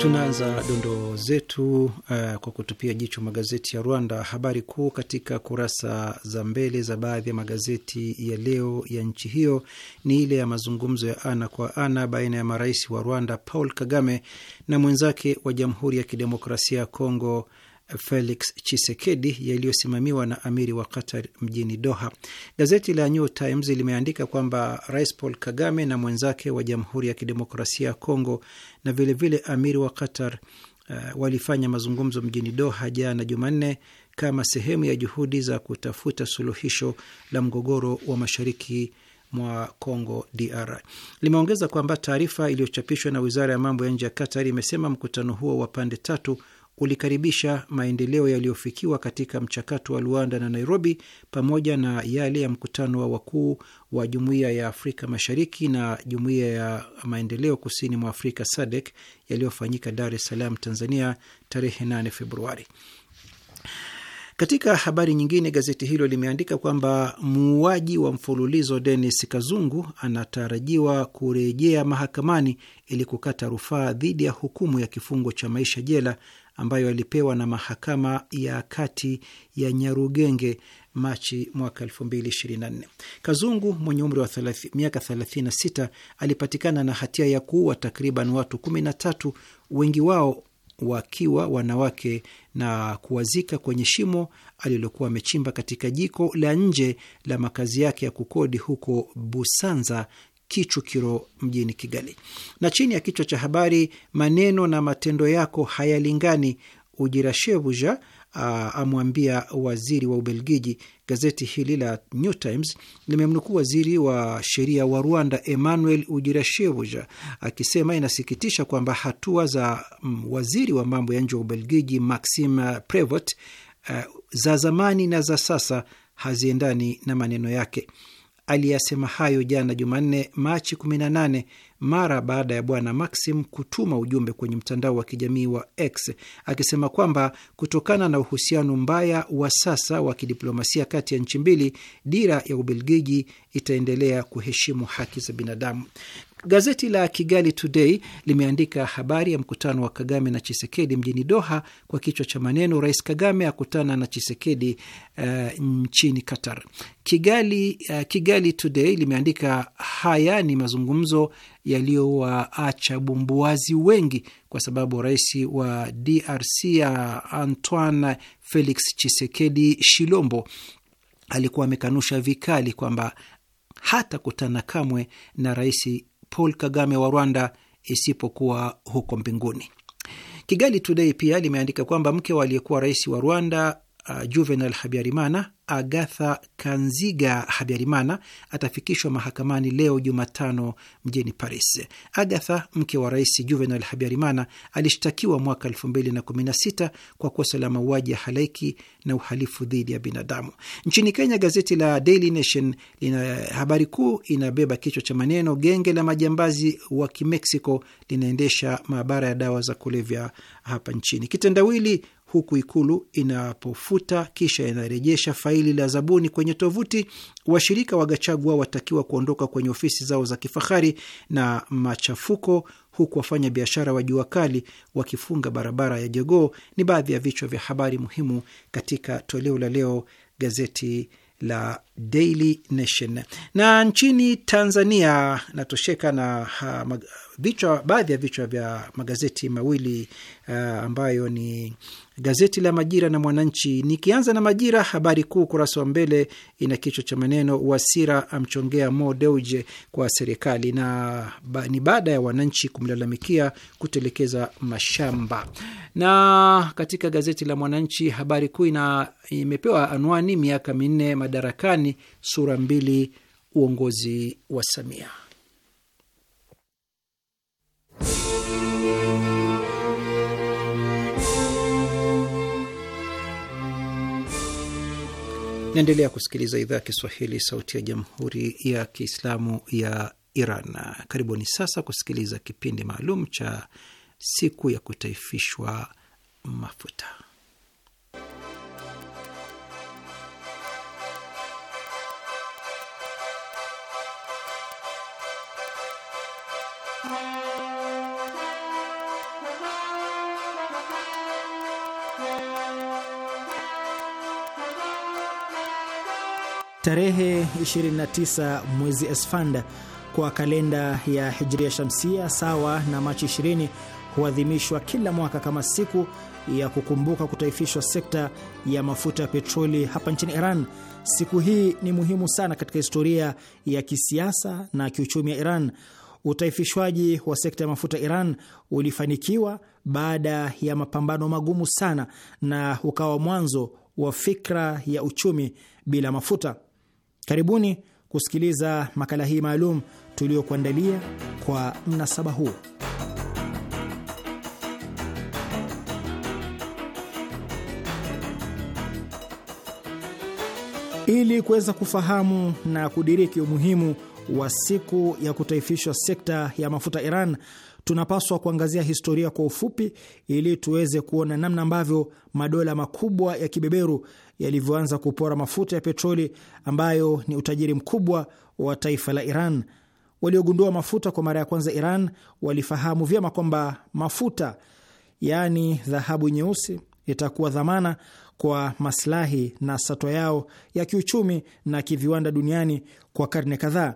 Tunaanza dondoo zetu uh, kwa kutupia jicho magazeti ya Rwanda. Habari kuu katika kurasa za mbele za baadhi ya magazeti ya leo ya nchi hiyo ni ile ya mazungumzo ya ana kwa ana baina ya marais wa Rwanda Paul Kagame na mwenzake wa Jamhuri ya Kidemokrasia ya Kongo Felix Chisekedi yaliyosimamiwa na amiri wa Qatar mjini Doha. Gazeti la New Times limeandika kwamba Rais Paul Kagame na mwenzake wa Jamhuri ya Kidemokrasia ya Kongo na vilevile vile amiri wa Qatar uh, walifanya mazungumzo mjini Doha jana Jumanne kama sehemu ya juhudi za kutafuta suluhisho la mgogoro wa mashariki mwa congo DR. Limeongeza kwamba taarifa iliyochapishwa na wizara ya mambo ya nje ya Qatar imesema mkutano huo wa pande tatu ulikaribisha maendeleo yaliyofikiwa katika mchakato wa Luanda na Nairobi pamoja na yale ya mkutano wa wakuu wa Jumuiya ya Afrika Mashariki na Jumuiya ya Maendeleo Kusini mwa Afrika SADC yaliyofanyika Dar es Salaam, Tanzania tarehe 8 Februari. Katika habari nyingine, gazeti hilo limeandika kwamba muuaji wa mfululizo Denis Kazungu anatarajiwa kurejea mahakamani ili kukata rufaa dhidi ya hukumu ya kifungo cha maisha jela ambayo alipewa na mahakama ya kati ya Nyarugenge Machi mwaka 2024. Kazungu mwenye umri wa miaka 36 alipatikana na hatia ya kuua takriban watu 13, wengi wao wakiwa wanawake na kuwazika kwenye shimo alilokuwa amechimba katika jiko la nje la makazi yake ya kukodi huko Busanza Kichukiro mjini Kigali. Na chini ya kichwa cha habari maneno na matendo yako hayalingani, Ujirashevuja amwambia waziri wa Ubelgiji. Gazeti hili la New Times limemnukuu waziri wa sheria wa Rwanda Emmanuel Ujirashevuja akisema inasikitisha kwamba hatua za mm, waziri wa mambo ya nje wa Ubelgiji Maxime Prevot uh, za zamani na za sasa haziendani na maneno yake aliyasema hayo jana Jumanne, Machi 18 mara baada ya bwana Maxim kutuma ujumbe kwenye mtandao wa kijamii wa X akisema kwamba kutokana na uhusiano mbaya wa sasa wa kidiplomasia kati ya nchi mbili, dira ya Ubelgiji itaendelea kuheshimu haki za binadamu. Gazeti la Kigali Today limeandika habari ya mkutano wa Kagame na Chisekedi mjini Doha kwa kichwa cha maneno, Rais Kagame akutana na Chisekedi uh, nchini Qatar. Kigali, uh, Kigali Today limeandika haya ni mazungumzo yaliyowaacha bumbuazi wengi kwa sababu rais wa DRC Antoine Felix Chisekedi Shilombo alikuwa amekanusha vikali kwamba hata kutana kamwe na rais Paul Kagame wa Rwanda isipokuwa huko mbinguni. Kigali Today pia limeandika kwamba mke wa aliyekuwa rais wa Rwanda Uh, Juvenal Habyarimana, Agatha Kanziga Habyarimana atafikishwa mahakamani leo Jumatano mjini Paris. Agatha, mke wa rais Juvenal Habyarimana, alishtakiwa mwaka 2016 kwa kosa la mauaji ya halaiki na uhalifu dhidi ya binadamu. Nchini Kenya, gazeti la Daily Nation lina habari kuu inabeba kichwa cha maneno, genge la majambazi wa Kimexico linaendesha maabara ya dawa za kulevya hapa nchini. Kitendawili huku Ikulu inapofuta kisha inarejesha faili la zabuni kwenye tovuti, washirika wa Gachagua watakiwa kuondoka kwenye ofisi zao za kifahari na machafuko, huku wafanya biashara wa jua kali wakifunga barabara ya Jogoo, ni baadhi ya vichwa vya habari muhimu katika toleo la leo gazeti la Daily Nation. Na nchini Tanzania natosheka na ha, mag, vichwa, baadhi ya vichwa vya magazeti mawili uh, ambayo ni gazeti la Majira na Mwananchi. Nikianza na Majira, habari kuu ukurasa wa mbele ina kichwa cha maneno Wasira amchongea Mo Deuje kwa serikali, na ba, ni baada ya wananchi kumlalamikia kutelekeza mashamba. Na katika gazeti la Mwananchi habari kuu ina imepewa anwani miaka minne madarakani, sura mbili, uongozi wa Samia. Naendelea kusikiliza idhaa ya Kiswahili, sauti ya jamhuri ya kiislamu ya Iran. Karibuni sasa kusikiliza kipindi maalum cha siku ya kutaifishwa mafuta. tarehe 29 mwezi Esfanda kwa kalenda ya Hijria Shamsia, sawa na Machi 20, huadhimishwa kila mwaka kama siku ya kukumbuka kutaifishwa sekta ya mafuta ya petroli hapa nchini Iran. Siku hii ni muhimu sana katika historia ya kisiasa na kiuchumi ya Iran. Utaifishwaji wa sekta ya mafuta Iran ulifanikiwa baada ya mapambano magumu sana na ukawa mwanzo wa fikra ya uchumi bila mafuta. Karibuni kusikiliza makala hii maalum tuliyokuandalia kwa mnasaba huu. Ili kuweza kufahamu na kudiriki umuhimu wa siku ya kutaifishwa sekta ya mafuta Iran, tunapaswa kuangazia historia kwa ufupi, ili tuweze kuona namna ambavyo madola makubwa ya kibeberu yalivyoanza kupora mafuta ya petroli ambayo ni utajiri mkubwa wa taifa la Iran. Waliogundua mafuta kwa mara ya kwanza Iran walifahamu vyema kwamba mafuta, yaani dhahabu nyeusi, itakuwa dhamana kwa maslahi na satwa yao ya kiuchumi na kiviwanda duniani kwa karne kadhaa.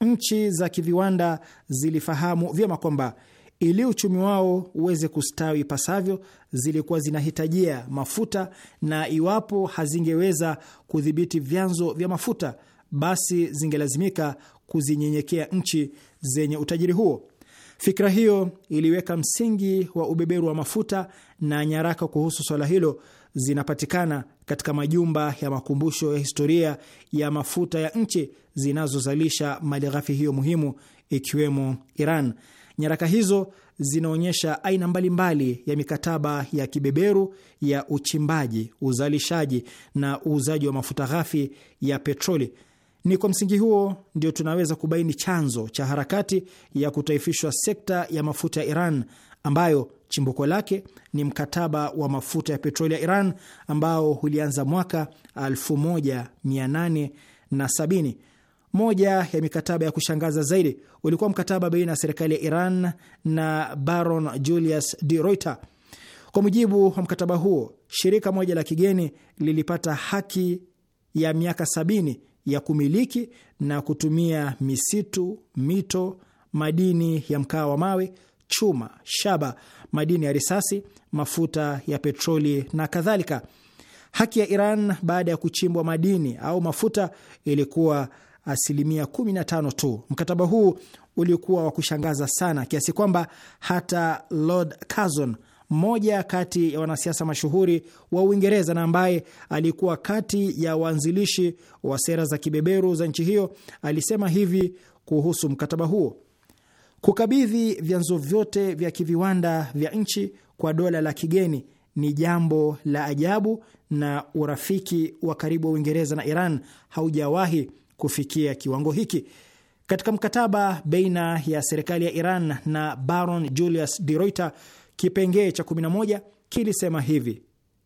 Nchi za kiviwanda zilifahamu vyema kwamba ili uchumi wao uweze kustawi ipasavyo, zilikuwa zinahitajia mafuta, na iwapo hazingeweza kudhibiti vyanzo vya mafuta, basi zingelazimika kuzinyenyekea nchi zenye utajiri huo. Fikra hiyo iliweka msingi wa ubeberu wa mafuta, na nyaraka kuhusu swala hilo zinapatikana katika majumba ya makumbusho ya historia ya mafuta ya nchi zinazozalisha malighafi hiyo muhimu, ikiwemo Iran. Nyaraka hizo zinaonyesha aina mbalimbali ya mikataba ya kibeberu ya uchimbaji, uzalishaji na uuzaji wa mafuta ghafi ya petroli. Ni kwa msingi huo ndio tunaweza kubaini chanzo cha harakati ya kutaifishwa sekta ya mafuta ya Iran ambayo chimbuko lake ni mkataba wa mafuta ya petroli ya Iran ambao ulianza mwaka 1870 moja ya mikataba ya kushangaza zaidi ulikuwa mkataba baina ya serikali ya Iran na Baron Julius de Reuter. Kwa mujibu wa mkataba huo, shirika moja la kigeni lilipata haki ya miaka sabini ya kumiliki na kutumia misitu, mito, madini ya mkaa wa mawe, chuma, shaba, madini ya risasi, mafuta ya petroli na kadhalika. Haki ya Iran baada ya kuchimbwa madini au mafuta ilikuwa asilimia 15 tu. Mkataba huu uliokuwa wa kushangaza sana kiasi kwamba hata Lord Curzon, mmoja kati ya wanasiasa mashuhuri wa Uingereza na ambaye alikuwa kati ya waanzilishi wa sera za kibeberu za nchi hiyo, alisema hivi kuhusu mkataba huo: kukabidhi vyanzo vyote vya kiviwanda vya nchi kwa dola la kigeni ni jambo la ajabu, na urafiki wa karibu wa Uingereza na Iran haujawahi kufikia kiwango hiki. Katika mkataba baina ya serikali ya Iran na Baron Julius de Reuter, kipengee cha 11 kilisema hivi: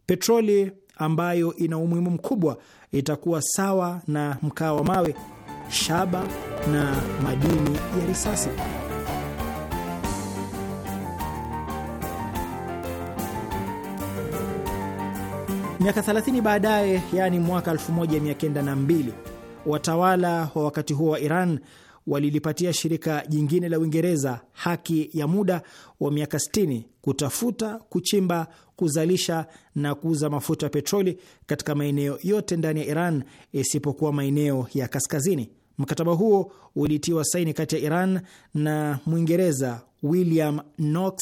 petroli ambayo ina umuhimu mkubwa itakuwa sawa na mkaa wa mawe, shaba na madini ya risasi. Miaka 30 baadaye, yaani mwaka 1902 watawala wa wakati huo wa Iran walilipatia shirika jingine la Uingereza haki ya muda wa miaka 60 kutafuta, kuchimba, kuzalisha na kuuza mafuta ya petroli katika maeneo yote ndani ya Iran isipokuwa maeneo ya kaskazini. Mkataba huo ulitiwa saini kati ya Iran na Mwingereza William Knox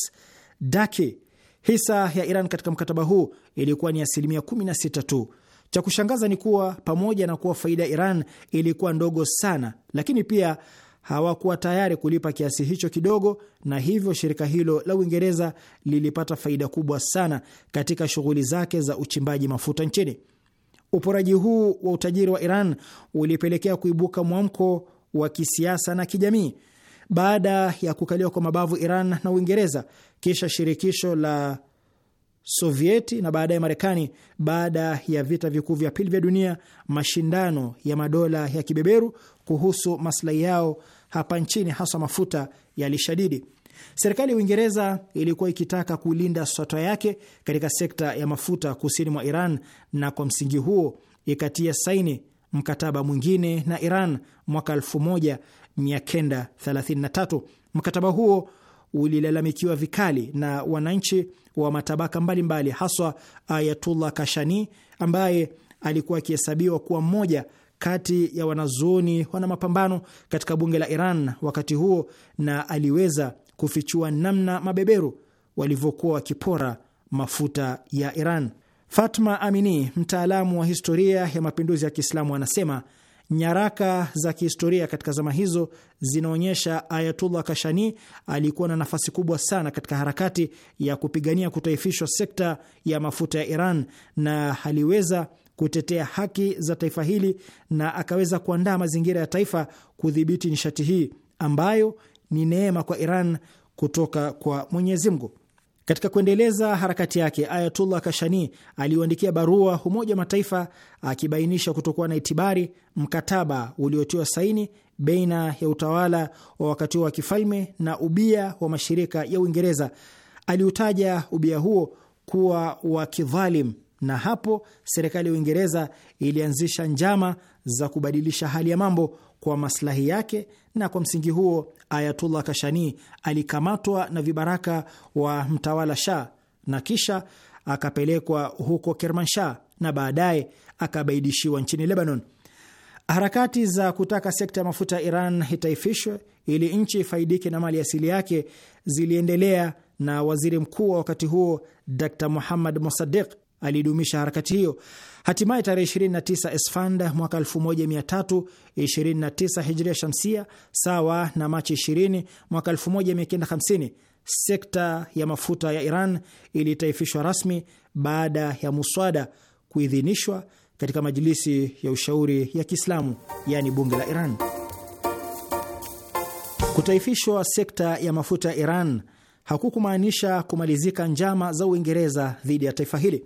daki Hisa ya Iran katika mkataba huu ilikuwa ni asilimia 16 tu. Cha kushangaza ni kuwa pamoja na kuwa faida ya Iran ilikuwa ndogo sana, lakini pia hawakuwa tayari kulipa kiasi hicho kidogo, na hivyo shirika hilo la Uingereza lilipata faida kubwa sana katika shughuli zake za uchimbaji mafuta nchini. Uporaji huu wa utajiri wa Iran ulipelekea kuibuka mwamko wa kisiasa na kijamii. Baada ya kukaliwa kwa mabavu Iran na Uingereza, kisha shirikisho la Sovieti na baadaye Marekani baada ya vita vikuu vya pili vya dunia, mashindano ya madola ya kibeberu kuhusu maslahi yao hapa nchini, haswa mafuta yalishadidi. Serikali ya Uingereza ilikuwa ikitaka kulinda swata yake katika sekta ya mafuta kusini mwa Iran, na kwa msingi huo ikatia saini mkataba mwingine na Iran mwaka 1933. Mkataba huo ulilalamikiwa vikali na wananchi wa matabaka mbalimbali, haswa Ayatullah Kashani ambaye alikuwa akihesabiwa kuwa mmoja kati ya wanazuoni wana mapambano katika bunge la Iran wakati huo, na aliweza kufichua namna mabeberu walivyokuwa wakipora mafuta ya Iran. Fatma Amini, mtaalamu wa historia ya mapinduzi ya Kiislamu, anasema Nyaraka za kihistoria katika zama hizo zinaonyesha Ayatullah Kashani alikuwa na nafasi kubwa sana katika harakati ya kupigania kutaifishwa sekta ya mafuta ya Iran na aliweza kutetea haki za taifa hili na akaweza kuandaa mazingira ya taifa kudhibiti nishati hii ambayo ni neema kwa Iran kutoka kwa Mwenyezi Mungu. Katika kuendeleza harakati yake, Ayatullah Kashani aliuandikia barua Umoja wa Mataifa akibainisha kutokuwa na itibari mkataba uliotiwa saini baina ya utawala wa wakati huo wa kifalme na ubia wa mashirika ya Uingereza. Aliutaja ubia huo kuwa wa kidhalim, na hapo serikali ya Uingereza ilianzisha njama za kubadilisha hali ya mambo kwa maslahi yake, na kwa msingi huo Ayatullah Kashani alikamatwa na vibaraka wa mtawala Shah na kisha akapelekwa huko Kermanshah na baadaye akabaidishiwa nchini Lebanon. Harakati za kutaka sekta ya mafuta ya Iran itaifishwe ili nchi ifaidike na mali asili yake ziliendelea, na waziri mkuu wa wakati huo Dr Muhammad Mosadiq alidumisha harakati hiyo. Hatimaye tarehe 29 Esfanda mwaka 1329 Hijria Shamsia, sawa na Machi 20 mwaka 1950, sekta ya mafuta ya Iran ilitaifishwa rasmi baada ya muswada kuidhinishwa katika Majilisi ya Ushauri ya Kiislamu, yaani bunge la Iran. Kutaifishwa sekta ya mafuta ya Iran hakukumaanisha kumalizika njama za Uingereza dhidi ya taifa hili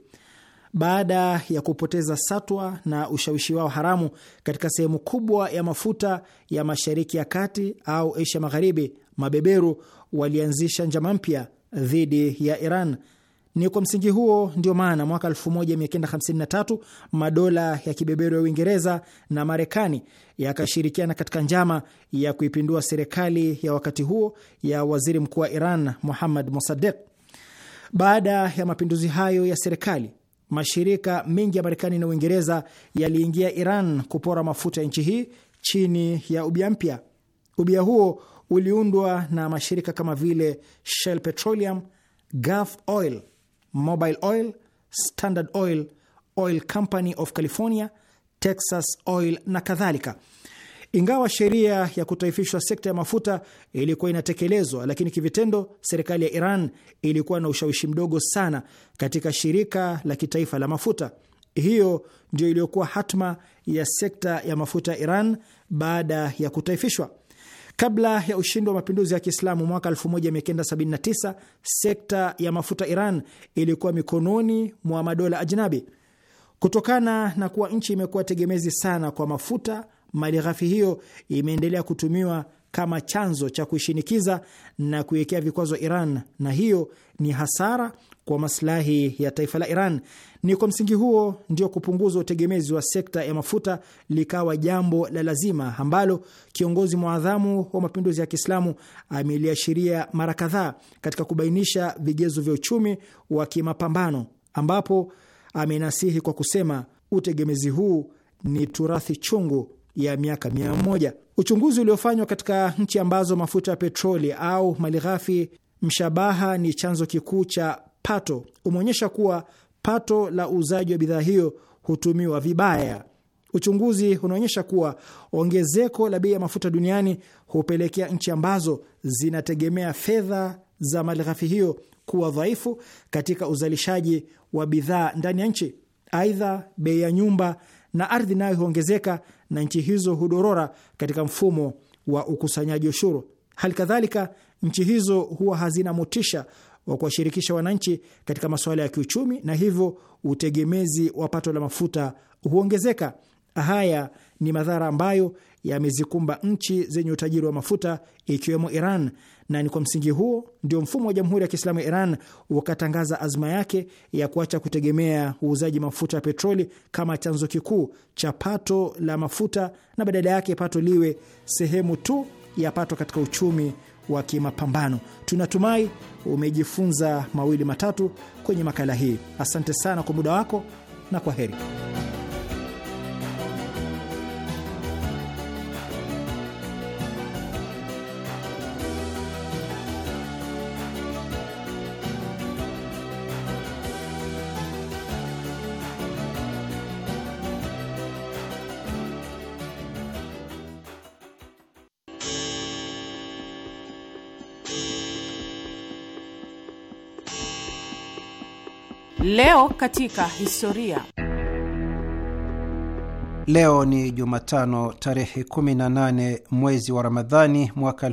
baada ya kupoteza satwa na ushawishi wao haramu katika sehemu kubwa ya mafuta ya Mashariki ya Kati au Asia Magharibi, mabeberu walianzisha njama mpya dhidi ya Iran. Ni kwa msingi huo ndio maana mwaka 1953 madola ya kibeberu ya Uingereza na Marekani yakashirikiana katika njama ya kuipindua serikali ya wakati huo ya waziri mkuu wa Iran Muhammad Mossadegh. Baada ya mapinduzi hayo ya serikali, mashirika mengi ya Marekani na Uingereza yaliingia Iran kupora mafuta ya nchi hii chini ya ubia mpya. Ubia huo uliundwa na mashirika kama vile Shell Petroleum, Gulf Oil, Mobil Oil, Standard Oil, Oil Company of California, Texas Oil na kadhalika. Ingawa sheria ya kutaifishwa sekta ya mafuta ilikuwa inatekelezwa, lakini kivitendo serikali ya Iran ilikuwa na ushawishi mdogo sana katika shirika la kitaifa la mafuta. Hiyo ndio iliyokuwa hatma ya sekta ya mafuta ya Iran baada ya kutaifishwa. Kabla ya ushindi wa mapinduzi ya Kiislamu mwaka 1979 sekta ya mafuta Iran ilikuwa mikononi mwa madola ajnabi. Kutokana na kuwa nchi imekuwa tegemezi sana kwa mafuta malighafi hiyo imeendelea kutumiwa kama chanzo cha kuishinikiza na kuiwekea vikwazo Iran, na hiyo ni hasara kwa masilahi ya taifa la Iran. Ni kwa msingi huo ndio kupunguzwa utegemezi wa sekta ya mafuta likawa jambo la lazima ambalo kiongozi mwadhamu wa mapinduzi ya Kiislamu ameliashiria mara kadhaa katika kubainisha vigezo vya uchumi wa kimapambano, ambapo amenasihi kwa kusema utegemezi huu ni turathi chungu ya miaka mia moja. Uchunguzi uliofanywa katika nchi ambazo mafuta ya petroli au malighafi mshabaha ni chanzo kikuu cha pato umeonyesha kuwa pato la uuzaji wa bidhaa hiyo hutumiwa vibaya. Uchunguzi unaonyesha kuwa ongezeko la bei ya mafuta duniani hupelekea nchi ambazo zinategemea fedha za malighafi hiyo kuwa dhaifu katika uzalishaji wa bidhaa ndani ya nchi. Aidha, bei ya nyumba na ardhi nayo huongezeka na nchi hizo hudorora katika mfumo wa ukusanyaji ushuru. Hali kadhalika, nchi hizo huwa hazina motisha wa kuwashirikisha wananchi katika masuala ya kiuchumi, na hivyo utegemezi wa pato la mafuta huongezeka. Haya ni madhara ambayo yamezikumba nchi zenye utajiri wa mafuta ikiwemo Iran na ni kwa msingi huo ndio mfumo wa Jamhuri ya Kiislamu ya Iran ukatangaza azma yake ya kuacha kutegemea uuzaji mafuta ya petroli kama chanzo kikuu cha pato la mafuta na badala yake pato liwe sehemu tu ya pato katika uchumi wa kimapambano. Tunatumai umejifunza mawili matatu kwenye makala hii. Asante sana kwa muda wako na kwa heri. Leo katika historia. Leo ni Jumatano tarehe 18 mwezi wa Ramadhani mwaka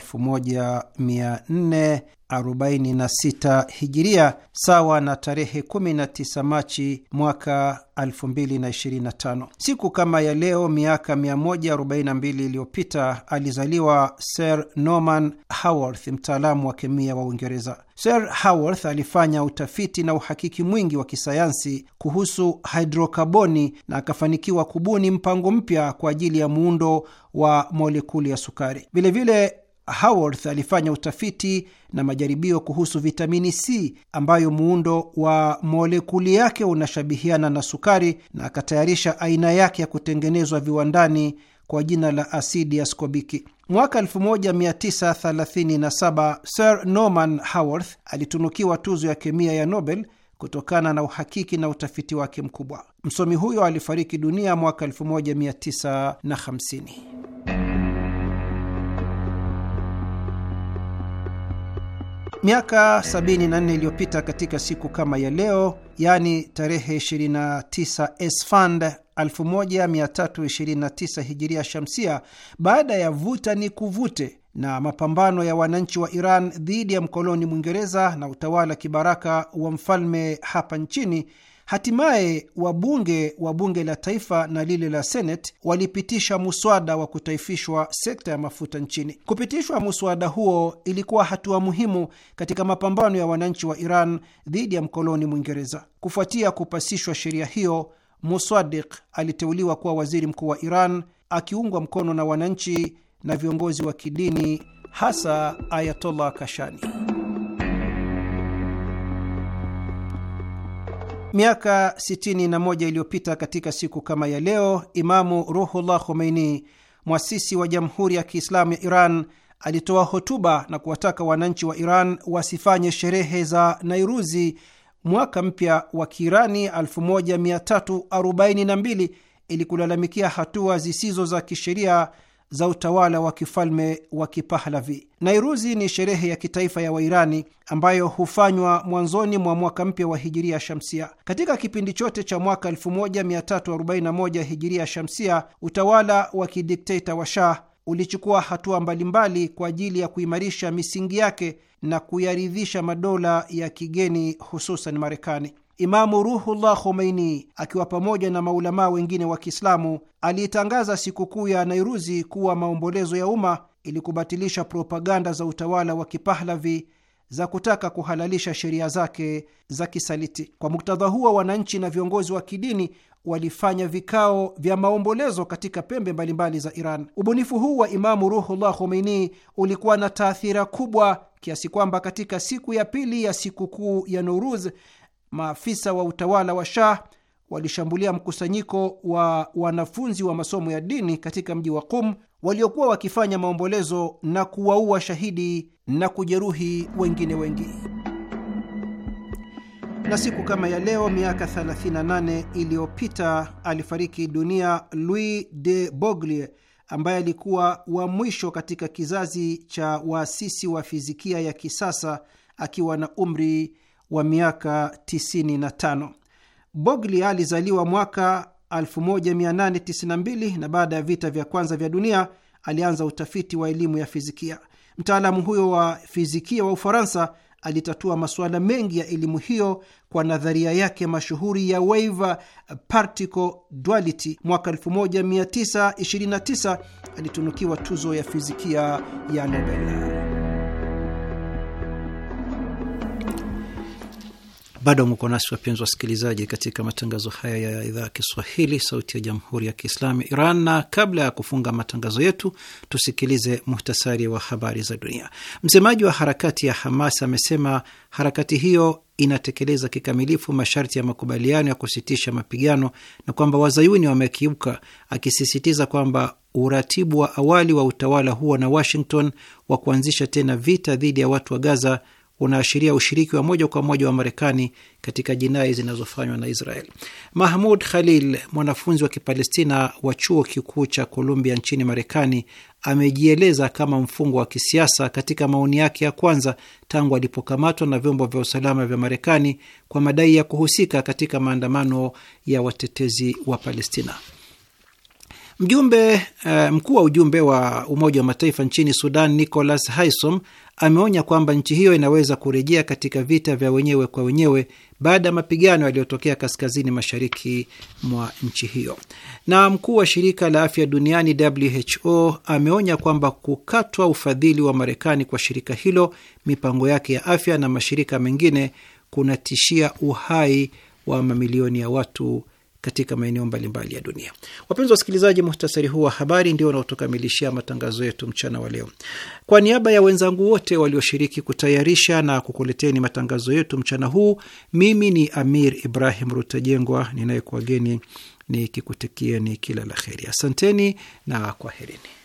46 hijiria sawa na tarehe 19 Machi mwaka 2025. Siku kama ya leo miaka 142 iliyopita alizaliwa Sir Norman Haworth, mtaalamu wa kemia wa Uingereza. Sir Haworth alifanya utafiti na uhakiki mwingi wa kisayansi kuhusu hidrokaboni na akafanikiwa kubuni mpango mpya kwa ajili ya muundo wa molekuli ya sukari. Vilevile Haworth alifanya utafiti na majaribio kuhusu vitamini C ambayo muundo wa molekuli yake unashabihiana na sukari na akatayarisha aina yake ya kutengenezwa viwandani kwa jina la asidi ya skobiki. Mwaka 1937 Sir Norman Haworth alitunukiwa tuzo ya kemia ya Nobel kutokana na uhakiki na utafiti wake mkubwa. Msomi huyo alifariki dunia mwaka 1950. Miaka 74 iliyopita katika siku kama ya leo, yaani tarehe 29 Esfand 1329 hijiria shamsia, baada ya vuta ni kuvute na mapambano ya wananchi wa Iran dhidi ya mkoloni Mwingereza na utawala kibaraka wa mfalme hapa nchini Hatimaye wabunge wa bunge la taifa na lile la seneti walipitisha muswada wa kutaifishwa sekta ya mafuta nchini. Kupitishwa muswada huo ilikuwa hatua muhimu katika mapambano ya wananchi wa Iran dhidi ya mkoloni Mwingereza. Kufuatia kupasishwa sheria hiyo, Muswadik aliteuliwa kuwa waziri mkuu wa Iran akiungwa mkono na wananchi na viongozi wa kidini, hasa Ayatollah Kashani. Miaka 61 iliyopita katika siku kama ya leo, Imamu Ruhullah Khomeini, mwasisi wa Jamhuri ya Kiislamu ya Iran, alitoa hotuba na kuwataka wananchi wa Iran wasifanye sherehe za Nairuzi, mwaka mpya wa Kiirani 1342 ili kulalamikia hatua zisizo za kisheria za utawala wa kifalme wa Kipahlavi. Nairuzi ni sherehe ya kitaifa ya Wairani ambayo hufanywa mwanzoni mwa mwaka mpya wa hijiria shamsia. Katika kipindi chote cha mwaka 1341 hijiria shamsia, utawala wa kidikteta wa Shah ulichukua hatua mbalimbali kwa ajili ya kuimarisha misingi yake na kuyaridhisha madola ya kigeni, hususan Marekani. Imamu Ruhullah Khomeini akiwa pamoja na maulamaa wengine wa Kiislamu aliitangaza sikukuu ya Nairuzi kuwa maombolezo ya umma ili kubatilisha propaganda za utawala wa Kipahlavi za kutaka kuhalalisha sheria zake za kisaliti. Kwa muktadha huo, wananchi na viongozi wa kidini walifanya vikao vya maombolezo katika pembe mbalimbali za Iran. Ubunifu huu wa Imamu Ruhullah Khomeini ulikuwa na taathira kubwa kiasi kwamba katika siku ya pili ya sikukuu ya Nowruz maafisa wa utawala wa Shah walishambulia mkusanyiko wa wanafunzi wa masomo ya dini katika mji wa Qum waliokuwa wakifanya maombolezo na kuwaua shahidi na kujeruhi wengine wengi. Na siku kama ya leo miaka 38 iliyopita alifariki dunia Louis de Broglie ambaye alikuwa wa mwisho katika kizazi cha waasisi wa fizikia ya kisasa akiwa na umri wa miaka 95. Bogli alizaliwa mwaka 1892 na baada ya vita vya kwanza vya dunia alianza utafiti wa elimu ya fizikia. Mtaalamu huyo wa fizikia wa Ufaransa alitatua masuala mengi ya elimu hiyo kwa nadharia yake mashuhuri ya wave particle duality. Mwaka 1929 alitunukiwa tuzo ya fizikia ya Nobel. Bado mko nasi wapenzi wasikilizaji, katika matangazo haya ya idhaa ya Kiswahili, sauti ya jamhuri ya kiislamu Iran. Na kabla ya kufunga matangazo yetu, tusikilize muhtasari wa habari za dunia. Msemaji wa harakati ya Hamas amesema harakati hiyo inatekeleza kikamilifu masharti ya makubaliano ya kusitisha mapigano na kwamba wazayuni wamekiuka, akisisitiza kwamba uratibu wa awali wa utawala huo na Washington wa kuanzisha tena vita dhidi ya watu wa Gaza unaashiria ushiriki wa moja kwa moja wa Marekani katika jinai zinazofanywa na Israel. Mahmud Khalil, mwanafunzi wa Kipalestina wa chuo kikuu cha Columbia nchini Marekani, amejieleza kama mfungwa wa kisiasa katika maoni yake ya kwanza tangu alipokamatwa na vyombo vya usalama vya Marekani kwa madai ya kuhusika katika maandamano ya watetezi wa Palestina. Mjumbe uh, mkuu wa ujumbe wa Umoja wa Mataifa nchini Sudan, Nicholas Haysom, ameonya kwamba nchi hiyo inaweza kurejea katika vita vya wenyewe kwa wenyewe baada ya mapigano yaliyotokea kaskazini mashariki mwa nchi hiyo. Na mkuu wa shirika la afya duniani WHO ameonya kwamba kukatwa ufadhili wa Marekani kwa shirika hilo, mipango yake ya afya na mashirika mengine kunatishia uhai wa mamilioni ya watu katika maeneo mbalimbali ya dunia. Wapenzi wasikilizaji, muhtasari huu wa habari ndio unaotukamilishia matangazo yetu mchana wa leo. Kwa niaba ya wenzangu wote walioshiriki kutayarisha na kukuleteni matangazo yetu mchana huu, mimi ni Amir Ibrahim Rutajengwa ninayekuwageni nikikutikieni kila la heri. Asanteni na kwaherini.